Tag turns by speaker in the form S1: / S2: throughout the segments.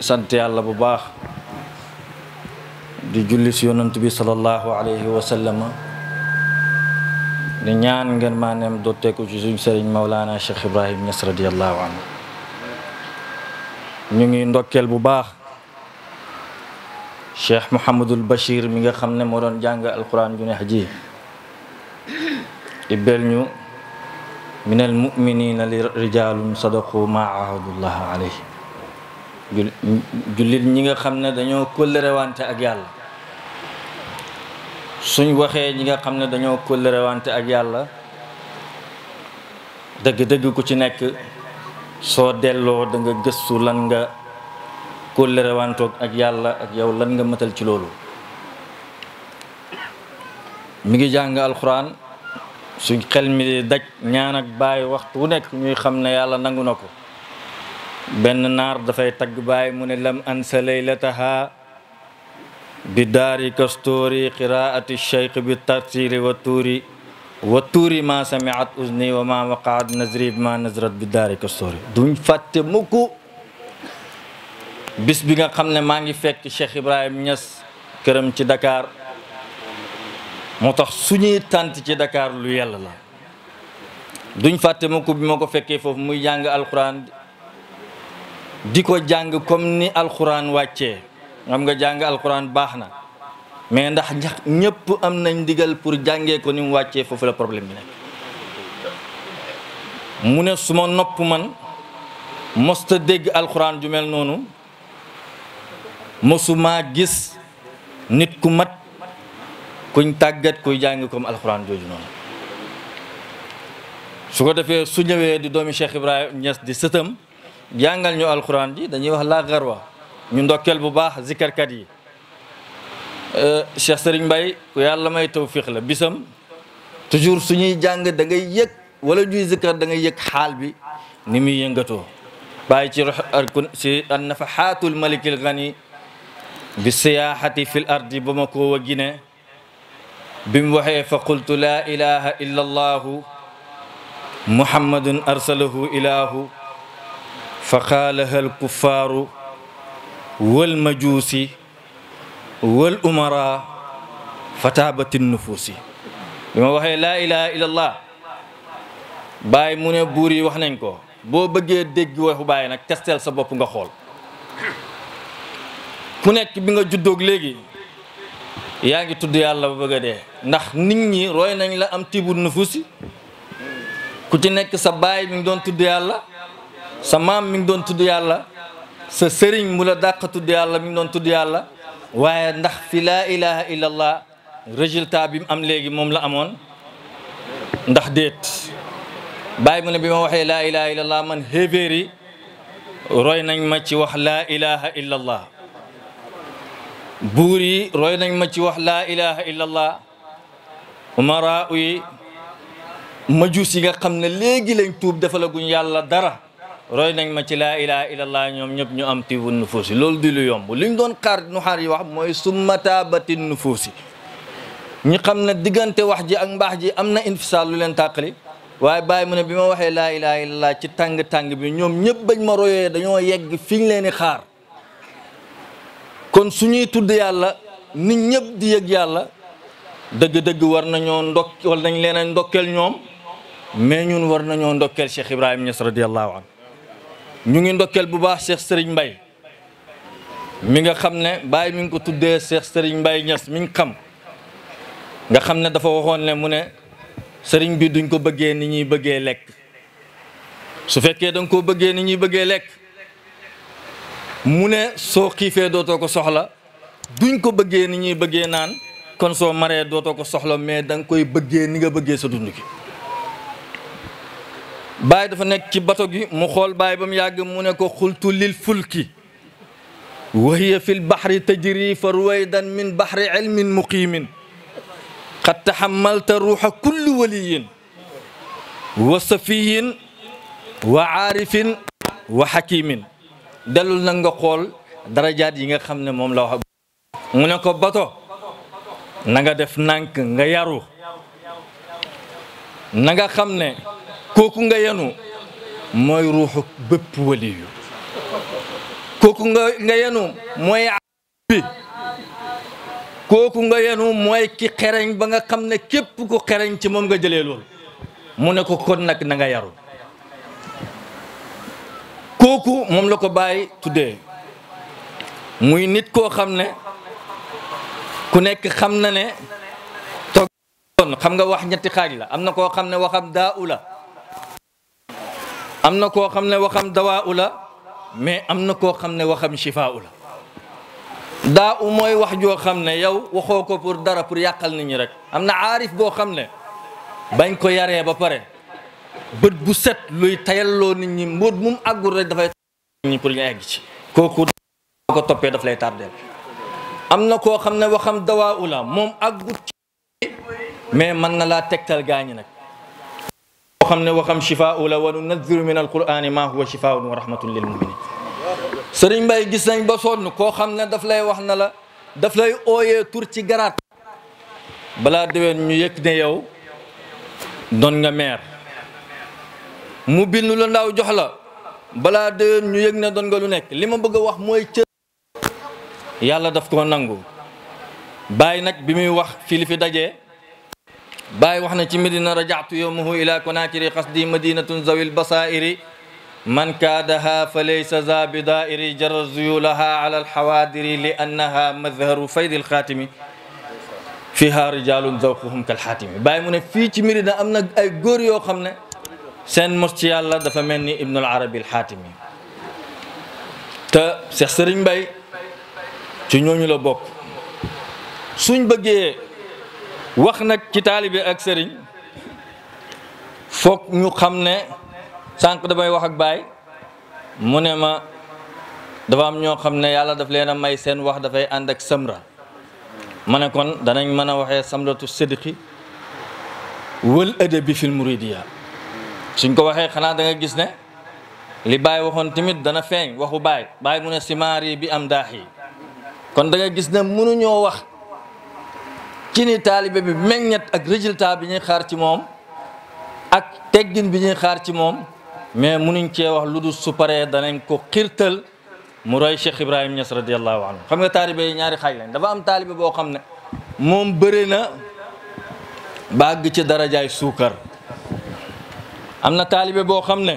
S1: sant yàlla bu baax di julli si yonant bi sallallahu alayhi wa sallama di ñaan ngeen maaneem dotteeku ci suñ sëriñ Maulana Cheikh Ibrahim Niass radiallahu anhu ñu ngi ndokkeel bu baax Cheikh Mouhamadul Bachir mi nga xam ne moo doon jàng alquran ju neex ji ibbeel ñu min almuminina li rijalun sadaqu ma ahadullah alayhi jullit ñi nga xam ne dañoo wante ak yàlla suñ waxee ñi nga xam ne dañoo wante ak yàlla dëgg-dëgg ku ci nekk soo delloo danga nga gëstu lan nga kóllërewantoog ak yàlla ak yow lan nga mëtal ci loolu mu ngi jàng alxuraan suñ xel mi di daj ñaan ak bàyyi waxtu wu nekk ñuy xam ne yàlla nangu na ko benn naar dafay tagg baay mu ne lam ansa leylataha bi daari kastoori qiraati cheikh bi tartiri wa tuuri wa tuuri ma samiat uzni wa ma waqaat nazri ma nazrat bi daari kastoori duñ fàtte mukk bis nga xam ne maa ngi fekk Cheikh Ibrahim Niass këram ci Dakar tax suñuy tànt ci Dakar lu yàlla la di ko jàng comme ni alxuraan wàccee xam nga jàng alxuraan baax na mais ndax ñépp am nañ digal pour jànge ko ni mu wàccee foofu la problème bi nekk mu ne suma nopp man mosta dégg alxuraan ju mel noonu mosu mosumaa gis nit ku mat kuñ tàggat kuy jàng comme alxuraan jooju noonu su ko defee su ñëwee di doomi Cheikh Ibrahima Niass di sëtam jàngal ñu alxuraan ji dañuy wax laa garwa ñu ndokkeel bu baax zikarkat yi euh, Cheikh Serigne Mbaye ku yàlla may tawfiq la bisam toujours suñuy jàng da ngay wala ñuy zikkar da yëg xaal bi ni muy yëngatoo bàyyi ci si an nafaxaatul malikil gani bi siyaahati fil ardi ba ma ko wa Guinée bi mu waxee fa qultu laa ilaha illa allahu muhammadun arsalahu ilahu fa qaalaha alkuffaaru walmajuusi wal umara fa taabati nufuusi bi ma waxee laa ilaha illa allah bàyyi mu ne buur yi wax nañ ko boo bëggee dégg waxu bàyyi nag testeel sa boppu nga xool ku nekk bi nga juddoog léegi yaa ngi tudd yàlla ba bëgg a dee ndax nit ñi roy nañ la am tiibul nufuusi ku ci nekk sa baay mi ngi doon tudd yàlla sa maam mi ngi doon tudd yàlla sa sëriñ mu la dàq tudd yàlla mi ngi doon tudd yàlla waaye ndax fi laa ilaha illallah résultat bi am léegi moom la amoon ndax déet bàyyi mu ne bi ma waxee laa ilaha illallah man xéeféer yi roy nañ ma ci wax laa ilaha illallah buur yi roy nañ ma ci wax laa ilaha illallah umaraa yi majuus yi nga xam ne léegi lañ tuub defalaguñ yàlla dara roy nañ ma ci laa ilaha illallah ñoom ñëpp ñu am tiibu nufuusi loolu di lu yomb liñ doon xaar nuxaar yi wax mooy summa taabati nufuusi ñu xam na diggante wax ji ak mbaax ji am na infisaal lu leen tàqali waaye baay mu ne bi ma waxee laa ilaha illallah ci tàng-tàng bi ñoom ñëpp bañ ma royee dañoo yegg fi ñu leen di xaar kon su ñuy tudd yàlla nit ñëpp di yëg yàlla dëgg-dëgg war nañoo ndokk war nañ leen a ndokkeel ñoom mais ñun war nañoo ndokkeel Cheikh Ibrahima Niass radiyallahu anhu ñu ngi ndokkeel bu baax Cheikh Serigne mbay mi nga xam ne Baye mi ngi ko tuddee Cheikh Serigne mbay ñas mi ngi xam nga xam ne dafa waxoon ne mu ne sëriñ bi duñ ko bëggee ni ñuy bëggee lekk su fekkee danga koo bëggee ni ñuy bëggee lekk mu ne soo xiifee dootoo ko soxla duñ ko bëggee ni ñuy bëggee naan kon soo maree dootoo ko soxla mais danga koy bëggee ni nga bëggee sa dund ki baay dafa nekk ci bato gi mu xool baay ba mu yàgg mu ne ko xultu lil fulki wa hiya fi lbaxri tajri fa min baxri ilmin muqimin qad taxammalta ruuxa kulli waliyin wa safiyin wa aarifin wa xakimin dellul na nga xool darajaat yi nga xam ne moom la wax ne ko bato na def nànk nga yaru na nga xam ne kooku nga yenu mooy ruuxu bépp waliyu kooku nga nga yenu mooy kooku nga yenu mooy ki xereñ ba nga xam ne képp ku xereñ ci moom nga jëlee lool mu ne ko kon nag na nga yaru kooku moom la ko bàyyi tuddee muy nit koo xam ne ku nekk xam na ne toog xam nga wax ñetti xaaj la am na koo xam ne waxam daa u am na koo xam ne waxam dawaa u la mais am na koo xam ne waxam shifaa u la daa u wax joo xam ne yow waxoo ko pour dara pour yàqal nit ñi rek am na aarif boo xam ne bañ ko yaree ba pare bët bu set luy tayalloo nit ñi mbóot mu mu àggul rek dafay nit ñi pour ñu egg ci kooku ko toppee daf lay tardeel am na koo xam ne waxam dawaa u la moom àggut ci mais mën na laa tegtal gaañi nag xam ne ma huwa shifaun wa rahmatun Mbay gis nañ ba sonn koo xam ne daf lay wax na la daf lay ooye tur ci garaat balaa déwén ñu yëg ne yow doon nga meer mu bind lu ndaw jox la balaa déwén ñu yëg ne doon nga lu nekk li ma bëgg a wax mooy cër yàlla daf ko nangu bàyyi nag bi muy wax fii li fi dajee bàyyi wax na ci medina rajaatu yowmahu ila konakiri qasdi madinatun zawil basairi man kaadaha fa laysa za bidairi jara zuyulaha ala alxawaadiri li annaha madharu faydi alxaatimi fiha rijalun zawquhum kalxaatimi bàyyi mu ne fii ci medina am na ay góor yoo xam ne seen mos ci yàlla dafa mel ni ibnul arabi alxaatimi te Cheikh Sëriñ Mbay ci ñooñu la bokk suñ bëggee wax nag ci taalibe ak sëriñ foog ñu xam ne sànq damay wax ak baay mu ne ma dafa am ñoo xam ne yàlla daf leen a may seen wax dafay ànd ak samra ma ne kon danañ mën a waxee samratu sidqi wal adabi fil muridiya suñ ko waxee xanaa danga gis ne li baay waxoon tamit dana feeñ waxu baay baay mu ne simaar bi am daax kon da gis ne mënuñoo wax ci ni taalibe bi meññet ak résultat bi ñuy xaar ci moom ak teggin bi ñuy xaar ci moom mais munuñ cee wax lu dul su paree danañ ko xirtal mu roy Cheikh Ibrahim Niass radiallahu anhu xam nga taalibe ñaari xaaj lañ taalibe boo xam ne moom bëri na bàgg ci darajaay suukar am na taalibe boo xam ne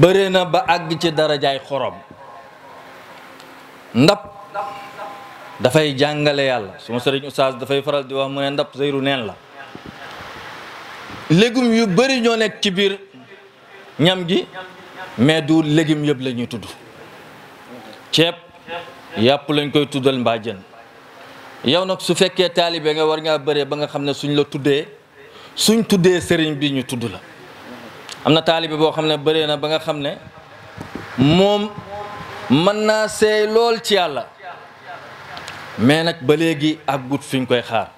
S1: bëri na ba àgg ci darajaay xorom ndab dafay jàngale yàlla suma sëriñ oustaz dafay faral di wax mu ne ndab zeyru neen la légum yu bari ñoo nekk ci biir ñam gi mais du légumes yëpp la ñuy tudd ceeb yàpp lañ koy tuddal mbaa jën yow nag su fekkee taalibe nga war ngaa bëree ba nga xam ne suñ la tuddee suñ tuddee sëriñ bi ñu tudd la am na taalibe boo xam ne bëree na ba nga xam ne moom mën naa seey lool ci yàlla mais nag ba léegi àggut fi ñu koy xaar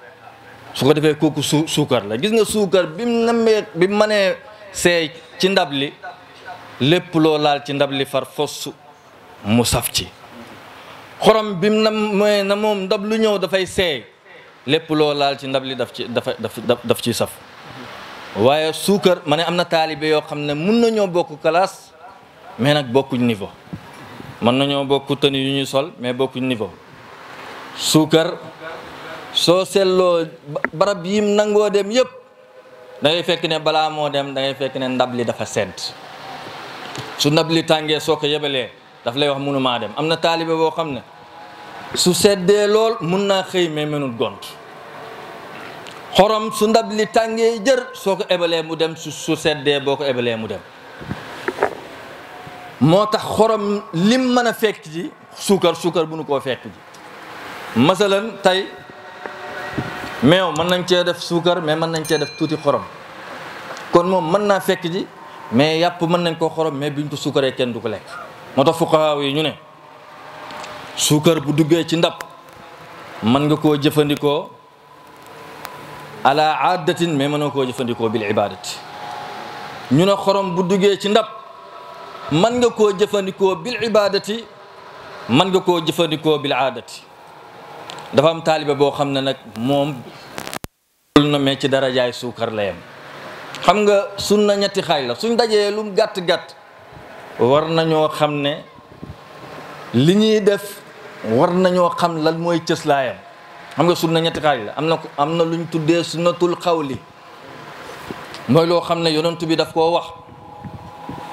S1: su ko defee kooku su suukar la gis nga suukar bi mu namee bi mu mënee seey ci ndab li lépp loo laal ci ndab li far fos mu saf ci xorom bi mu na mooy na moom ndab lu ñëw dafay seey lépp loo laal ci ndab li daf ci dafa daf saf waaye suukar ma ne am na taalibe yoo xam ne mun nañoo bokk classe mais nag bokkuñ niveau mën nañoo bokk tenue yu ñuy sol mais bokkuñ niveau suukar soo seetloo barab yim nangoo dem yëpp dangay fekk ne balaa moo dem dangay fekk ne ndab li dafa sedd su ndab li tàngee soo ko yebalee daf lay wax mënumaa dem am na taalibe boo xam ne su seddee lool mun naa xëy mais mënul gont xorom su ndab li tàngee jër soo ko ebalee mu dem su su seddee boo ko ebalee mu dem moo tax xorom lim mën a fekk ji suukar suukar bu nu koo fekk ji masalan tey meew mën nañ cee def suukar mais mën nañ cee def tuuti xorom kon moom mën naa fekk ji mais yàpp mën nañ koo xorom mais biñ ko suukaree kenn du ko lekk moo tax fuqahaa yi ñu ne suukar bu duggee ci ndab mën nga koo jëfandikoo ala aadatin mais mënoo koo jëfandikoo bil ibadati ñu ne xorom bu duggee ci ndab mën nga koo jëfandikoo bil ibadati mën nga koo jëfandikoo bil aadati dafa am taalibe boo xam ne nag moom lu na mee ci darajaay suukar la yem xam nga sunna ñetti xaaj la suñ dajee lum gàtt-gàtt war ñoo xam ne li ñuy def war nañoo xam lan mooy cëslaayam xam nga sunna ñetti xaaj la am na am na luñ tuddee sunnatul li mooy loo xam ne yonent bi daf koo wax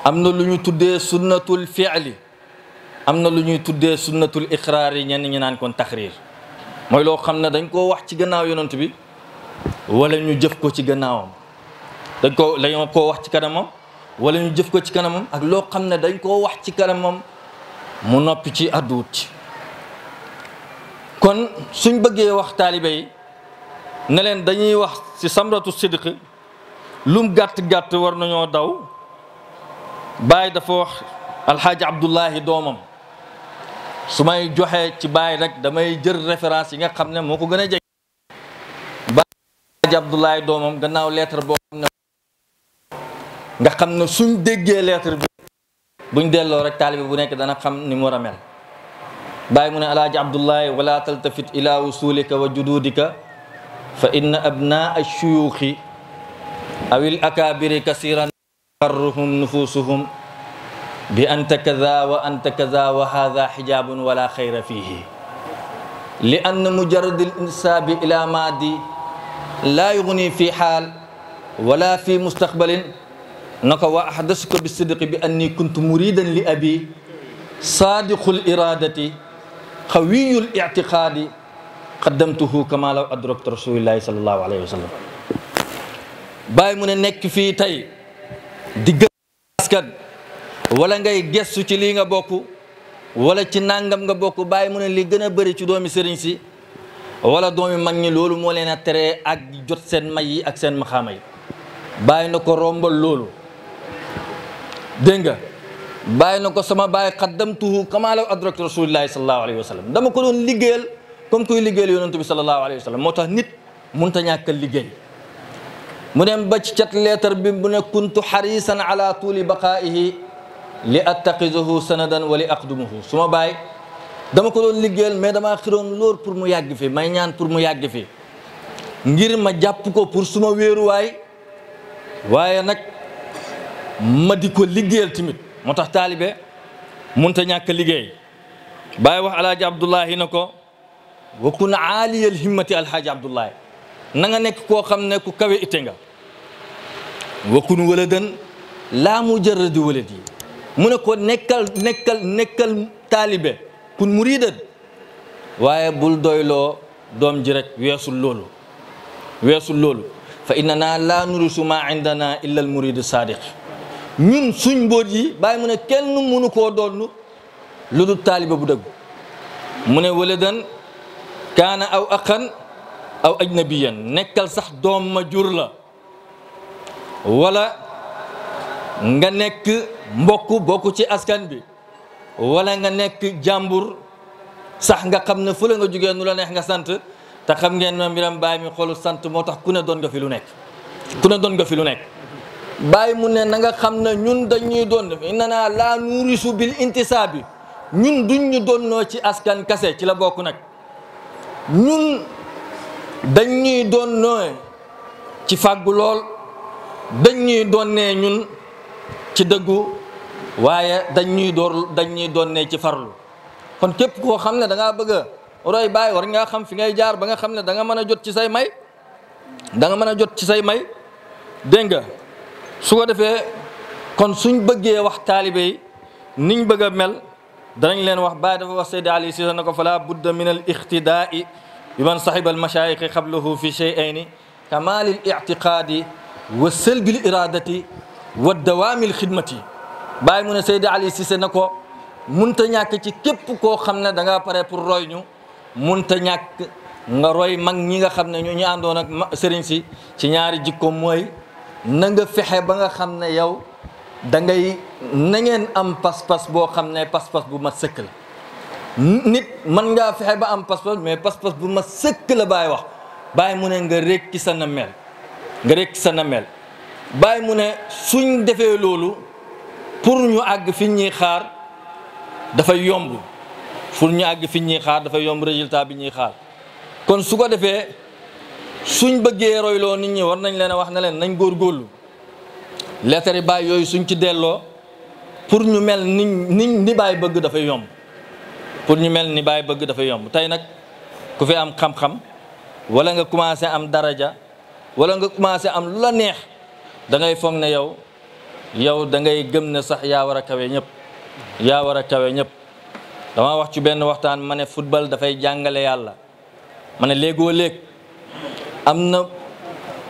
S1: am na lu ñu tuddee sunnatul fi'li am na lu ñuy tuddee sunnatul iqraar yi ñenn ñi naan kon taxriir mooy loo xam ne dañ koo wax ci gannaaw yonent bi walla ñu jëf ko ci gannaawam dañ ko dañoo koo wax ci kanamam wala ñu jëf ko ci kanamam ak loo xam ne dañ koo wax ci kanamam mu noppi ci àdduwut ci kon suñ bëggee wax taalibe yi ne leen dañuy wax ci samratu sidq lum gàtt-gàtt war nañoo daw bàyyi dafa wax alxaaji abdullahi doomam su may joxe ci Baye rek damay jël référence yi nga xam ne moo ko gën a jege Baye Abdoulaye doomam gannaaw lettre boo xam nga xam ne suñ déggee lettre bi buñ delloo rek taalibi bu nekk dana xam ni mu war a mel Baye mu ne alaaji Abdoulaye wala taltafit ila usulika wa jududika fa inna abnaa ashuyuuxi awil akabiri kasiran bi anta kaza wa anta kaza wa hada xijabun wala xayra fihi li ann mujarad al insaabi ila maadi laa yugni fi xaal wala fi mustaqbalin na ko wa ahdasuka bi sidqi bi anni kuntu muridan li abi saadiqul iradati qawiyul ictiqaadi qaddamtuhu kama law adraktu rasulillahi salallahu alayhi wa sallam bàyyi mu ne nekk fii tey di gën askan wala ngay gestu ci lii nga bokk wala ci nangam nga bokk bàyyi mu ne li gën a bëri ci doomi sëriñ si wala doomi mag ñi loolu moo leen a tere ak jot seen may yi ak seen maxaama yi bàyyi na ko rombal loolu dégg nga bàyyi na ko sama bàyyi xaddamtuhu kama law adraktu rasulillahi salallahu alayhi wa sallam dama ko doon liggéeyal comme kuy liggéeyal yonentu bi salallahu alayhi wa moo tax nit munta ñàkk a liggéey mu dem ba leetar bi mu ne kuntu xarisan ala tuuli baqaihi li attaqizuhu sanadan wa li aqdumuhu su ma baay dama ko doon liggéeyal mais damaa xiroon lool pour mu yàgg fi may ñaan pour mu yàgg fi ngir ma jàpp ko pour suma wéeruwaay waaye nag ma di ko liggéeyal tamit moo tax taalibe munta ñàkk liggéey bàyyi wax alaaji abdullahi na ko wa kun aaliyal himmati alhaaji abdullahi na nga nekk koo xam ne ku kawe ite nga wa kun waladan laa mujarradi waladi mu ne ko nekkal nekkal nekkal taalibe kun muridan waaye bul doyloo doom ji rek weesul loolu weesul loolu fa innana laa nurisu maa indana illa al muridu sadiq ñun suñ mbóot yi bàyyi mu ne kenn mënu koo doon lu dul taalibe bu dëgg mu ne waladan kaana aw aqan aw ajnabiyan nekkal sax doom ma jur la wala nga nekk mbokk bokk ci askan bi wala nga nekk jàmbur sax nga xam ne fële nga jugee nu la neex nga sant te xam ngeen ma mbiram bàyyi mi sant moo tax ku ne doon nga lu nekk ku ne doon nga lu nekk bàyyi mu ne nanga xam ne ñun dañuy doon inna naa laa nuurisu bil intisaabi ñun duñ doon doonnoo ci askan kase ci la bokk nag ñun dañuy doon nooy ci fàggu lool dañuy doon nee ñun ci dëggu waaye dañ ñuy door dañ ñuy doonne ci farlu kon képp koo xam ne da ngaa bëgg a roy baay war ngaa xam fi ngay jaar ba nga xam ne da nga mën a jot ci say may da nga mën a jot ci say may dégg nga su ko defee kon suñ bëggee wax taalibe yi niñ bëgg a mel danañ leen wax baay dafa wax Seydi Ali Cissé na ko fa fala budda min al iqtidaai bi man saxiba al machaayixi fi cheyayni kamaali l ictiqaadi wa wa dawaamil xidmat yi bàyyi mu ne Seydi Ali Cissé na ko munta ñàkk ci képp koo xam ne da ngaa pare pour roy ñu munta ñàkk nga roy mag ñi nga xam ne ñu ñu àndoon ak sëriñ si ci ñaari jikkoom mooy na nga fexe ba nga xam ne yow da ngay na ngeen am pas-pas boo xam ne pas-pas bu mat sëkk la nit mën ngaa fexe ba am pas-pas mais pas-pas bu mat sëkk la bàyyi wax bàyyi mu ne nga rekki sa na nga rekki sa na bàyyi mu ne suñ defee loolu pour ñu àgg fi ñuy xaar dafay yomb pour ñu àgg fi ñuy xaar dafay yomb résultat bi ñuy xaar kon su ko defee suñ bëggee royloo nit ñi war nañ leen wax na leen nañ góor lettre yi bàyyi yooyu suñ ci delloo pour ñu mel ni ni ni bàyyi bëgg dafay yomb pour ñu mel ni bàyyi bëgg dafay yomb tey nag ku fi am xam-xam wala nga commencé am daraja wala nga commencé am lu la neex dangay ngay foog ne yow yow da gëm na sax yaa war a kawe ñëpp yaa war a kawe ñëpp dama wax ci benn waxtaan ma ne football dafay jàngale yàlla ma ne léegoo léeg am na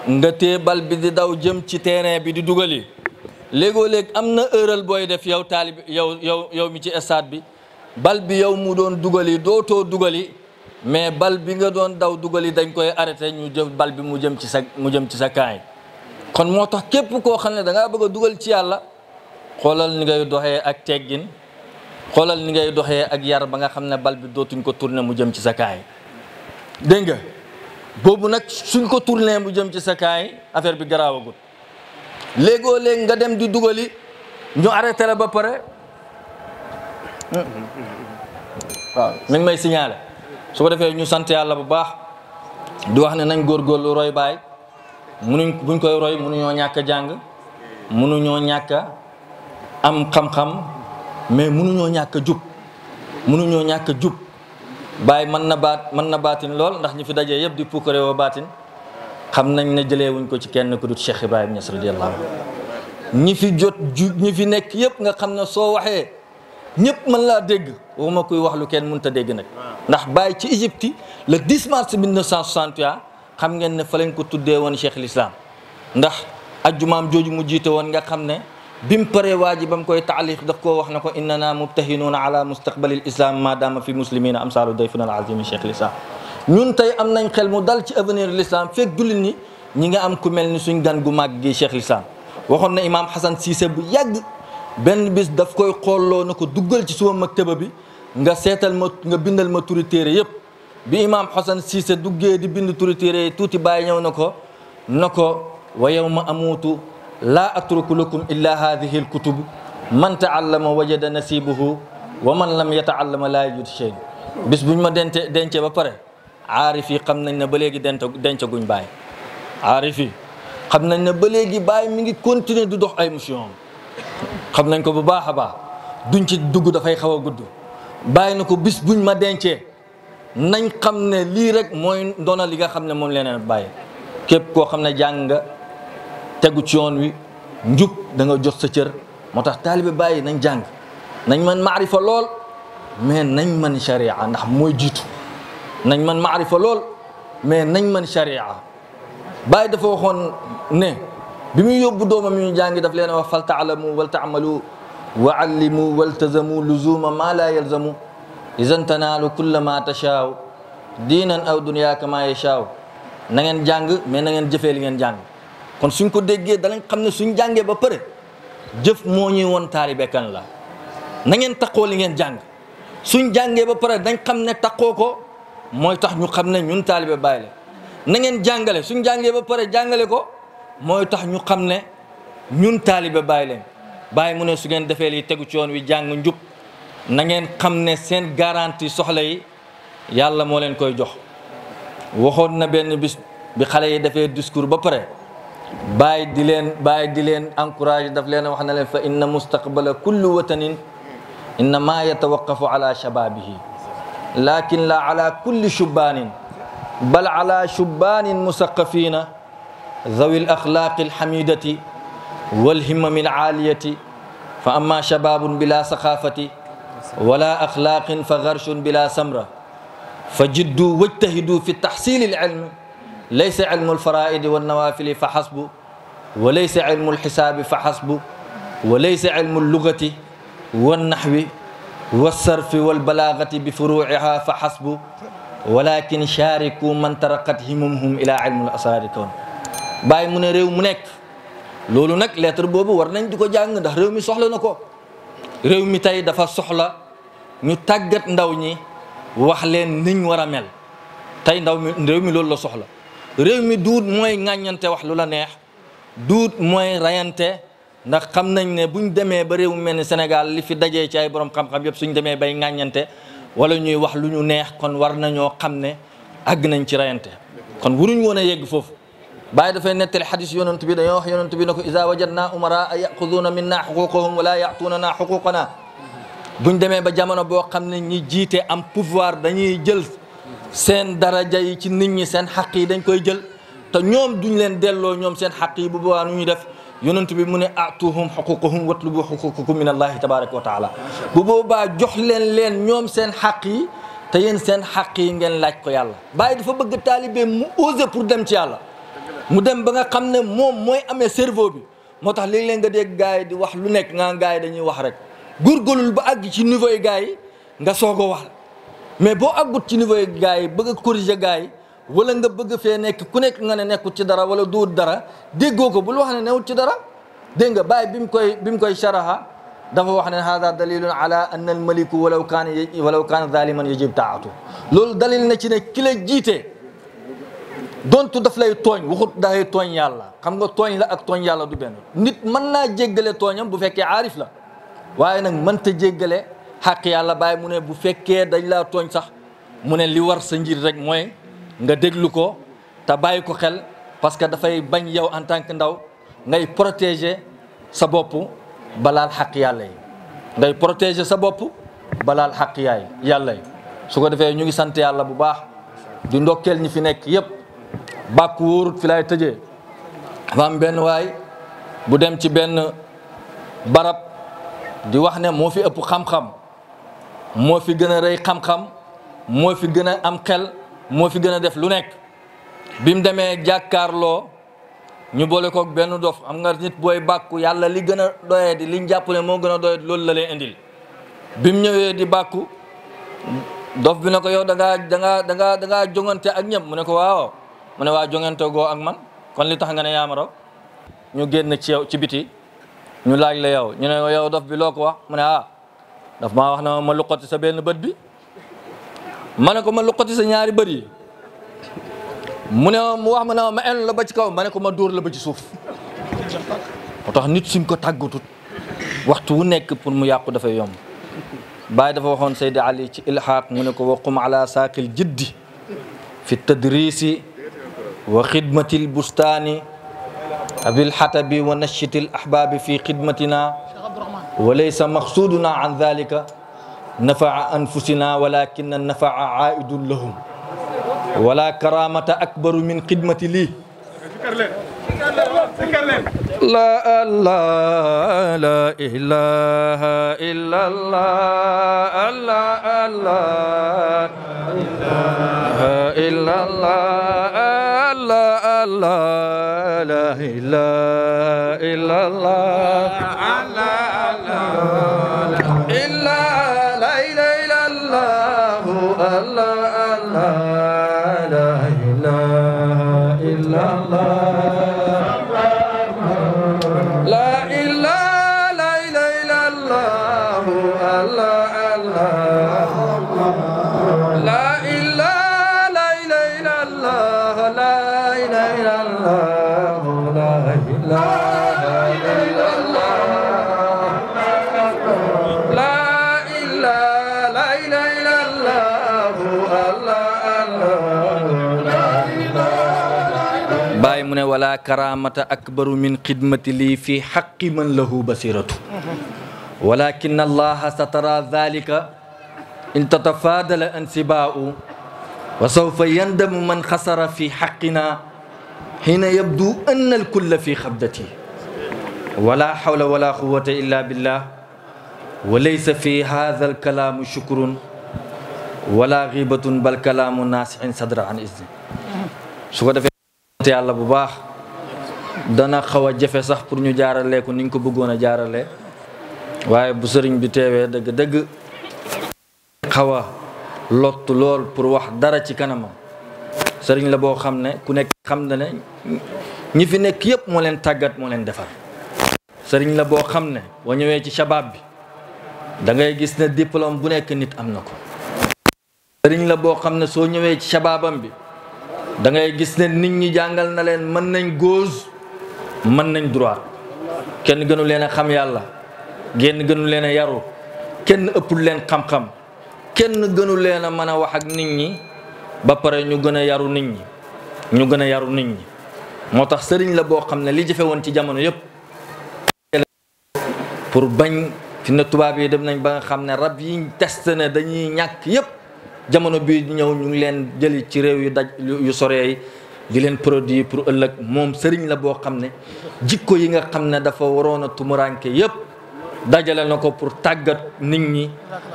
S1: nga tee bal bi di daw jëm ci terrain bi di dugal yi léegoo léeg am na erreur booy def yow taalib yow yow yow mi ci stade bi bal bi yow mu doon dugal yi dootoo dugal yi mais bal bi nga doon daw dugal yi dañ koy arrêté ñu jëf bal bi mu jëm ci sa mu jëm ci sa kaay kon moo tax képp koo xam ne da ngaa bëgg dugal ci yàlla xoolal ni ngay doxee ak teggin xoolal ni ngay doxee ak yar ba nga xam ne bal bi dootuñ ko tourner mu jëm ci sa kaay dégg nga boobu nag suñ ko tourner mu jëm ci sa kaay affaire bi garaawagut léegoo léegi nga dem di dugali ñu arrêté la ba pare waaw mi ngi may signalé su ko defee ñu sant yàlla bu baax du wax ne nañ góorgóorlu roy baay munuñ buñ koy roy munuñoo ñàkk a jàng munuñoo ñàkk am xam-xam mais munuñoo ñàkk a jub munuñoo ñàkk a jub bàyyi mën na baat mën na baatin lool ndax ñu fi dajee yëpp di pukkare woo baatin xam nañ ne jëleewuñ ko ci kenn ku dut Cheikh Ibrahima Niass radiyallahu ñi fi jot ju ñi fi nekk yëpp nga xam ne soo waxee ñëpp mën laa dégg waxuma kuy wax lu kenn mënut dégg nag ndax bàyyi ci Égypte le 10 mars 1961 xam ngeen ne fa lañ ko tuddee woon cheikh lislaam ndax ajjumaam jooju mu jiite woon nga xam ne bi mu paree waa ji ba mu koy taaliq daf koo wax na ko innana mubtahinuuna ala mustaqbalil islam maadaama fi muslimina am saalu dayfuna al azimi cheikh lislaam ñun tey am nañ xel mu dal ci avenir l'islam fekk jullit ni ñi nga am ku mel ni suñ gan gu màgg gi cheikh lislaam waxoon na imaam Hassan Cissé bu yàgg benn bis daf koy xoolloo na ko duggal ci suma maktaba bi nga seetal ma nga bindal ma turi téere yépp bi imaam Xasan Siise duggee di bind turi téere tuuti bàyyi ñëw na ko na ko wa yawma amuutu laa atruku lakum illa hadihi lkutub man taallama wajada nasibuhu wa man lam yataallama laa yajid shay bis buñ ma dente dencee ba pare aarif yi xam nañ ne ba léegi dente dencaguñ baay aarif yi xam nañ ne ba léegi baay mi ngi continuer du dox ay mission xam nañ ko bu baax a baax duñ ci dugg dafay xaw a gudd bàyyi na ko bis buñ ma dencee nañ xam ne lii rek mooy ndono li nga xam ne moom leneen bàyyi képp koo xam ne jàng nga tegu ci yoon wi njub danga nga jot sa cër moo tax taalibe bàyyi nañ jàng nañ man maarifa lool mais nañ man sharia ndax mooy jiitu nañ man maarifa lool mais nañ man sharia bàyyi dafa waxoon ne bi muy yóbbu doomam yu ñu jàngi daf leen wax fal taalamu wal taamalu wa allimu waltazamu luzuma ma la yalzamu izan tanaalu kulla ma tashaaw diinan aw dunya kama yashaaw na ngeen jàng mais na ngeen jëfee li ngeen jàng kon suñ ko déggee dalañ xam ne suñ jàngee ba pare jëf moo ñuy woon taalibe kan la na ngeen taqoo li ngeen jàng suñ jàngee ba pare dañ xam ne taqoo ko mooy tax ñu xam ne ñun taalibe bàyyi na ngeen jàngale suñ jàngee ba pare jàngale ko mooy tax ñu xam ne ñun taalibe bàyyi leen baay mu ne su ngeen defee lii tegu ci yoon wi jàng njub na ngeen xam ne seen garantie soxla yi yàlla moo leen koy jox waxoon na benn bis bi xale yi dafee discours ba pare bàyyi di leen bàyyi di leen encouragé daf leen wax na leen fa inna mustaqbala kulli watanin innama yatawaqafu ala shababihi lakin la ala kulli shubbaanin bal ala shubbaanin musaqafina dhawi al axlaaqi alhamidati walhimmami alaaliyati fa amma shababun bila saxaafati wala axlaaqin fa garshun bila samra fa jiddu wajtahidu fi taxsili alilm laysa ilmu alfaraidi wannawafili fa xasbu wa laysa ilmu alxisaabi fa xasbu wa laysa ilmu allugati wannaxwi walsarfi walbalaagati bi furuuciha fa xasbu walakin shaariku man taraqat himumhum ila ilmu alasraari kawn bàyyi mu ne réew mu nekk loolu nag lettre boobu war nañ di ko jàng ndax réew mi soxla na ko réew mi tey dafa soxla ñu tàggat ndaw ñi wax leen niñ war a mel tey ndaw mi réew mi loolu la soxla réew mi duut mooy ŋàññante wax lu la neex duut mooy rayante ndax xam nañ ne buñ demee ba réew mu mel ni Sénégal li fi dajee ci ay borom xam-xam yëpp suñ demee bay ŋàññante wala ñuy wax lu ñu neex kon war nañoo xam ne àgg nañ ci rayante kon wuruñ woon yegg foofu bàyyi dafay nettali xadis yonent bi dañoo wax yonent bi ne ko iza wajadna umara ya'khuduna minna huquqahum wala ya'tunana huquqana buñ demee ba jamono boo xam ne ñi jiite am pouvoir dañuy jël seen daraja yi ci nit ñi seen xaq yi dañ koy jël te ñoom duñ leen delloo ñoom seen xaq yi bu boobaa nu ñuy def yonent bi mu ne atuhum xuquqahum watlubu xuquqakum min allahi tabaraka wa taala bu boobaa jox leen leen ñoom seen xaq yi te yéen seen xaq yi ngeen laaj ko yàlla di fa bëgg taalibe mu oser pour dem ci yàlla mu dem ba nga xam ne moom mooy amee cerveau bi moo tax léeg leen nga dégg gars yi di wax lu nekk nga gars yi dañuy wax rek góorgóorlul ba àgg ci niveau yi gars yi nga soog a wax mais boo àggut ci niveau yi gars yi bëgg a corriger gars yi wala nga bëgg fee nekk ku nekk nga ne nekkut ci dara wala duut dara déggoo ko bul wax ne newut ci dara dégg nga bàyyi bi mu koy bi mu koy sharaha dafa wax ne hada dalilun ala anna al maliku walaw kaana walaw kaana zaliman yajib taatu loolu dalil na ci ne ki la jiite dontu daf lay tooñ waxut day tooñ yàlla xam nga tooñ la ak tooñ yàlla du benn nit mën naa jéggale tooñam bu fekkee aarif la waaye nag mënta jéggale xàq yàlla bàyyi mu ne bu fekkee dañ la tooñ sax mu ne li war sa njir rek mooy nga déglu ko te bàyyi ko xel parce que dafay bañ yow en tant que ndaw ngay protéger sa bopp balaal xàq yàlla yi ngay protéger sa bopp balaal xàq yaay yàlla su ko defee ñu ngi sant yàlla bu baax di ndokkeel ñi fi nekk yépp bàkku wóorut fi laay tëjee am benn waay bu dem ci benn barab di wax ne moo fi ëpp xam-xam moo fi gën a rey xam-xam moo fi gën a am xel moo fi gën a def lu nekk bi mu demee jàkkaarloo ñu boole koog benn dof am nga nit booy bàkku yàlla li gën a doyee di liñ jàpp ne moo gën a doyee loolu la leen indil bi mu ñëwee di bàkku dof bi na ko yow da ngaa da ngaa da jongante ak ñëpp mu ne ko waaw mu ne waa jongante goo ak man kon li tax nga ne yaamaro ñu génn ci yow ci biti ñu laaj la yow ñu ne yow dof bi loo ko wax mu ne ah daf wax na ma luqati sa benn bët bi ma ne ko ma luqati sa ñaari bët yi mu ne mu wax ma ne ma la ba ci kaw ma ne ko ma dóor la ba ci suuf moo tax nit suñ ko tàggatut waxtu wu nekk pour mu yàqu dafay yomb Baay dafa waxoon Seydi Ali ci ilhaaq mu ne ko waqum ala saakil jiddi fi tadrisi wa xidmatil bustaani abil xatabi wa nashitil ahbaabi fi xidmatina wa laysa maqsuuduna an dalika nafaa anfusina walakina nafaa aidun lahum wala karamata akbaru min
S2: xidmati lii la allah la ilaha illa allah allah allah ilaha illa allah الله الله لا إله إلا الله الله الله إلا لا إله إلا الله الله الله لا إله إلا الله لا baay
S1: mu ne wala karamata akbaru min xidmati lii fi xaqi man lahu basiratu walakin allaha satara dalika in tatafadala ansibaa'u wa sawfa yandamu man xasara fi xaqina xiina yabdu ann alkulla fi xabdati wala xawla wala quwata illa billah wa laysa fi hada alkalaamu shukrun wala gibatun bal kalaamu naasixin sadra an isni su ko defee te yàlla bu baax dana xaw a jafe sax pour ñu jaaralee ko ni ñu ko bëggoon a jaaralee waaye bu sëriñ bi teewee dëgg-dëgg xaw a lottu lool pour wax dara ci kanamam sëriñ la boo xam ne ku nekk xam na ne ñi fi nekk yëpp moo leen tàggat moo leen defar sëriñ la boo xam ne boo ñëwee ci shabaab bi dangay gis ne diplôme bu nekk nit am na ko sëriñ la boo xam ne soo ñëwee ci shabaabam bi dangay gis ne nit ñi jàngal na leen mën nañ gauche mën nañ droit kenn gënu leen a xam yàlla genn gënu leen a yaru kenn ëpp leen xam-xam kenn gënu leen a mën a wax ak nit ñi ba pare ñu gën a yaru nit ñi ñu gën a yaru nit ñi moo tax sëriñ la boo xam ne li jafe woon ci jamono yépp pour bañ fi ne tubaab yi dem nañ ba nga xam ne rab yi test ne dañuy ñàkk yépp jamono bii ñëw ñu ngi leen jëli ci réew yu daj yu sore di leen produit pour ëllëg moom sëriñ la boo xam ne jikko yi nga xam ne dafa waroon a tumuranke yépp dajale na ko pour tàggat nit ñi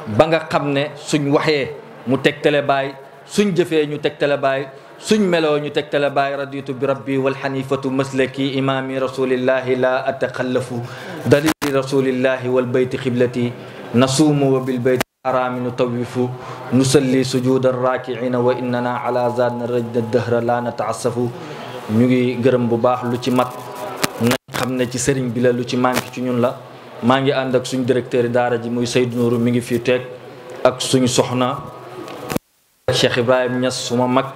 S1: ba nga xam ne suñ waxee mu tegtale baay suñ jëfee ñu tegtale baay suñ meloo ñu tegtale baay raditu bi rabbi walxanifatu maslaki imaami rasulillahi la ataxallafu dalili rasulillahi walbayti xiblati nasuumu wa bilbayti araami nu tawifu nusalli sujuda raakicina wa innana ala zadna rajna dëhra la nataasafu ñu ngi gërëm bu baax lu ci mat nañ xam ne ci sëriñ bila la lu ci manqué ci ñun la maa ngi ànd ak suñ directeur daara ji muy Seydou Nourou mi ngi fii teeg ak suñ soxna Cheikh Ibrahima Niass suma mag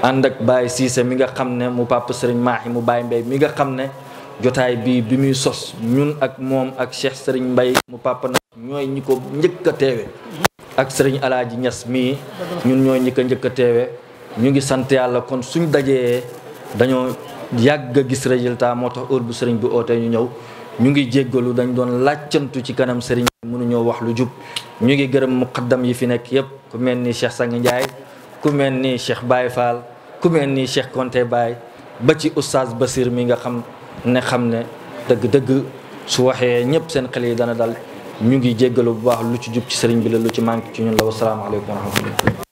S1: ànd ak Baye Cissé mi nga xam ne mu papa Serigne Mahi mu Baye Mbaye mi nga xam ne jotaay bii bi muy sos ñun ak moom ak Cheikh Serigne Mbaye mu pàpp nag ñooy ñi ko njëkk a teewe ak Serigne Alaaji ñas mii ñun ñooy ñi ko njëkk a teewe ñu ngi sant yàlla kon suñ dajee dañoo yàgg a gis résultat moo tax heure bu Serigne bi ootee ñu ñëw ñu ngi jéggalu dañ doon làccantu ci kanam Serigne mënuñoo wax lu jub ñu ngi gërëm muqaddam yi fi nekk yëpp ku mel ni Cheikh Sang Ndiaye ku mel nii Cheikh Baye Fall ku mel ni Cheikh Konte Baye ba ci oustaz Basir mi nga xam ne xam ne dëgg-dëgg su waxee ñëpp seen xel yi dana dal ñu ngi jéggalu bu baax lu ci jub ci sëriñ bi lu ci manqué ci ñun la wasalaamaaleykum wa rahmatullah